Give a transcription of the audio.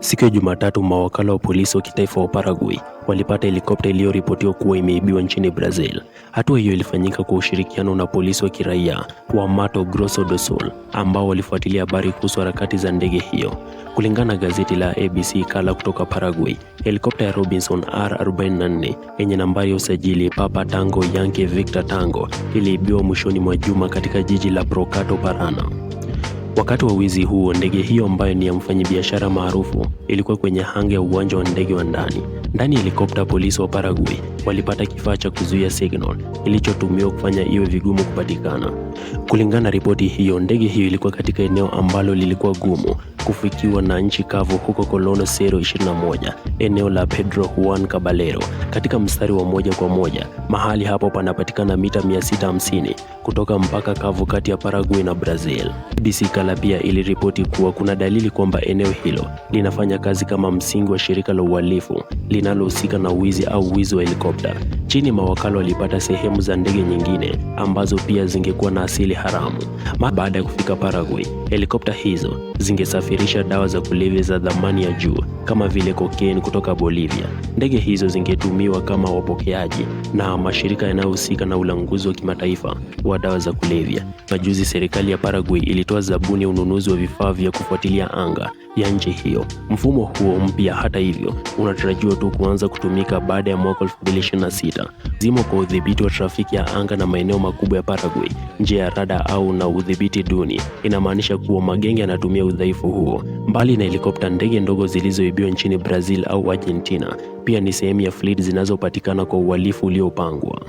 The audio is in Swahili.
Siku ya Jumatatu, mawakala wa polisi wa kitaifa wa Paraguay walipata helikopta iliyoripotiwa kuwa imeibiwa nchini Brazil. Hatua hiyo ilifanyika kwa ushirikiano na polisi wa kiraia wa Mato Grosso do Sul ambao walifuatilia habari kuhusu harakati za ndege hiyo. Kulingana na gazeti la ABC Kala kutoka Paraguay, helikopta ya Robinson R44 yenye nambari ya usajili Papa Tango Yankee Victor Tango iliibiwa mwishoni mwa juma katika jiji la Brocato Parana. Wakati wa wizi huo, ndege hiyo ambayo ni ya mfanyabiashara maarufu ilikuwa kwenye hanga ya uwanja wa ndege wa ndani. Ndani ya helikopta polisi wa Paraguay walipata kifaa cha kuzuia signal kilichotumiwa kufanya iwe vigumu kupatikana. Kulingana na ripoti hiyo, ndege hiyo ilikuwa katika eneo ambalo lilikuwa gumu kufikiwa na nchi kavu huko Colono cero 21, eneo la Pedro Juan Caballero, katika mstari wa moja kwa moja. Mahali hapo panapatikana mita 650 kutoka mpaka kavu kati ya Paraguay na Brazil. BBC Kala pia iliripoti kuwa kuna dalili kwamba eneo hilo linafanya kazi kama msingi wa shirika la uhalifu linalohusika na wizi au wizi wa reporter. Chini mawakala walipata sehemu za ndege nyingine ambazo pia zingekuwa na asili haramu. Baada ya kufika Paraguay, helikopta hizo zingesafirisha dawa za kulevya za dhamani ya juu kama vile cocaine kutoka Bolivia. Ndege hizo zingetumiwa kama wapokeaji na mashirika yanayohusika na ulanguzi wa kimataifa wa dawa za kulevya. Majuzi serikali ya Paraguay ilitoa zabuni ya ununuzi wa vifaa vya kufuatilia anga ya nchi hiyo. Mfumo huo mpya, hata hivyo, unatarajiwa tu kuanza kutumika baada ya mwaka 2026 kilomita zimo kwa udhibiti wa trafiki ya anga na maeneo makubwa ya Paraguay nje ya rada au na udhibiti duni. Inamaanisha kuwa magenge yanatumia udhaifu huo. Mbali na helikopta, ndege ndogo zilizoibiwa nchini Brazil au Argentina pia ni sehemu ya fleet zinazopatikana kwa uhalifu uliopangwa.